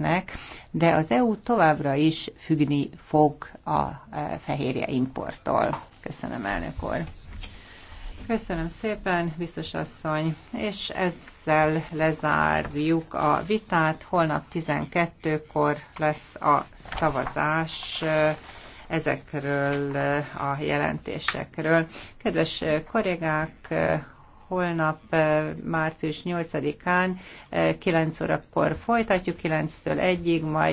nek, de az EU továbbra is függni fog a e, fehérje importtól. Köszönöm, elnök úr. Köszönöm szépen, biztos asszony, és ezzel lezárjuk a vitát. Holnap 12-kor lesz a szavazás e, ezekről e, a jelentésekről. Kedves kollégák, holnap eh, március 8-án 9 eh, órakor folytatjuk, 9-től 1-ig, majd